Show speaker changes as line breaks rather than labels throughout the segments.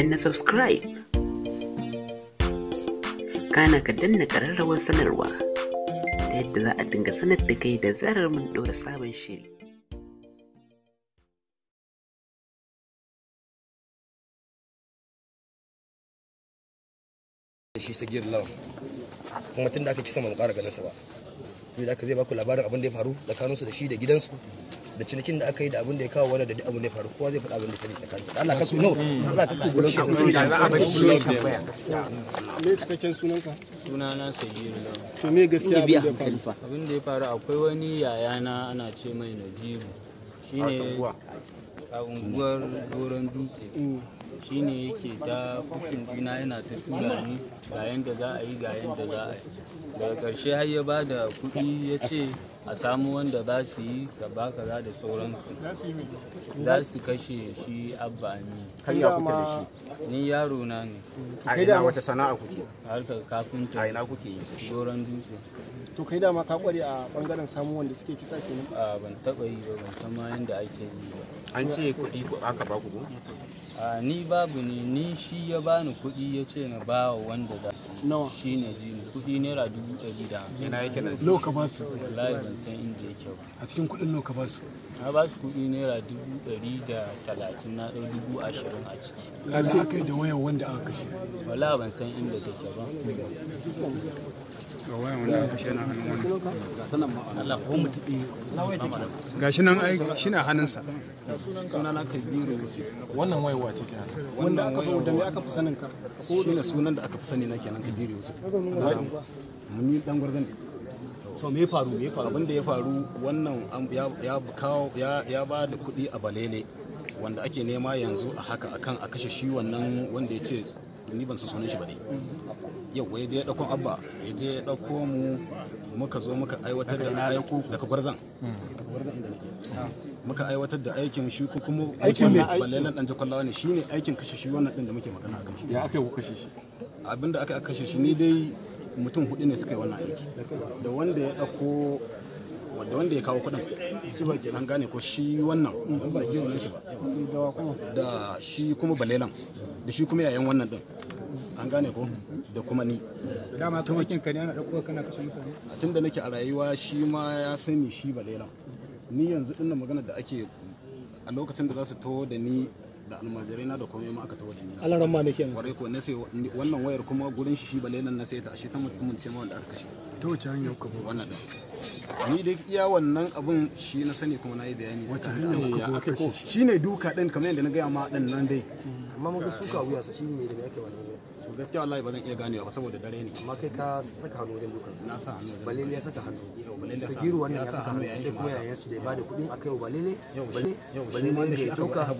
danna subscribe kana ka danna ƙararrawar sanarwa ta yadda za a dinga sanar da kai da zarar mun ɗora sabon shiri
shi sagir lawan kuma tun da aka fi sama mu ƙara ganin sa ba da aka zai baku labarin abin da ya faru tsakaninsu da shi da gidansu da cinikin da aka yi da abin da ya kawo wani da duk abin da ya faru kowa zai faɗa abin da sani da kansa Allah ka suno ba za ka ku gulon ka sani da za me cikakken sunan ka
sunana sabiru to me gaskiya abin da ya faru abin da ya faru akwai wani yayana ana ce mai nazibu shine a unguwar doron dutse shine yake ta kushin juna yana ta tura ni ga yadda za a yi ga yadda za a yi daga karshe har ya ba da kuɗi ya ce a samu wanda za su yi ka ka za da sauransu za su kashe shi abba ni kai ya kuke da shi ni yaro na ne a ina wata sana'a kuke harkar kafinta a ina kuke yi doron dutse
to kai dama ka kware a
bangaren samu wanda suke kisa kenan a ban taba yi ba ban san ma yanda ake yi ba an ce ce kuɗi aka ba ku a ni babu ne ni shi ya bani kuɗi ya ce na ba wa wanda za su nawa shi ne ne kuɗi naira dubu ɗari da hamsin ina yake nan nawa ka ba su wallahi ban san
inda yake ba a cikin kuɗin nawa ka ba su na
ba su kuɗi naira dubu ɗari da talatin na ɗau dubu ashirin a ciki ya ce kai da wayan wanda
aka kashe wallahi ban san inda take ba gashi nan ai shi na hannunsa suna na kabiru yusuf wannan waiwa ce kenan wanda aka fi da aka fi sanin ka shi ne sunan da aka fi sani na kenan kabiru muni dan gwarzan me faru me faru abinda ya faru wannan ya kawo ya ba da kuɗi a balele wanda ake nema yanzu a haka akan a kashe shi wannan wanda ya ce ni ban san sunan shi ba ne yau ya je dakon abba ya je ya mu muka zo muka aiwatar da ayyuku daga gwarzan muka aiwatar da aikin shi kuma aikin ne nan dan jakwallawa ne shine aikin kashe shi wannan din da muke magana akan shi ya aka yi kashe shi abinda aka kashe shi ni dai mutum hudu ne suka yi wannan aiki da wanda ya dauko. wanda wanda ya kawo kuɗin an gane ko shi wannan da shi kuma balelan da shi kuma yayan wannan din an gane ko da kuma ni dama tumakin ka ne ana da kuka kana kashe mutane tun da nake a rayuwa shi ma ya sani shi balelan ni yanzu dinnan magana da ake a lokacin da za su taho da ni da almajirai na da komai ma aka tawo da ni Allah ramma ne kenan kwarai ko na sai wannan wayar kuma gurin shi shi balelan na sai ta ashe ta mutum ce ma wanda aka kashe ta wace hanya ku wannan ni dai iya wannan abun shi na sani kuma na yi bayani wacce hanyar kuka doka shi shi ne duka ɗin kamar yadda na gaya ma din nan dai mm. amma mun ga suka wuya sa shi ne da yake wannan to gaskiya wallahi ba zan iya ganewa ba saboda dare ne amma kai ka saka hannu wajen dukan su na sa hannu balele ya saka hannu sagiru wannan ya saka hannu sai kuma yayin su da ya bada kudin akai balele balele balele da ya doka aka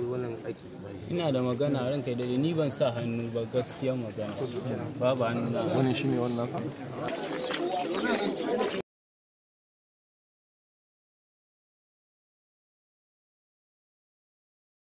yi wannan aiki ina da magana
ran kai da ni ban sa hannu ba gaskiya magana babu hannu na wannan shine wannan sa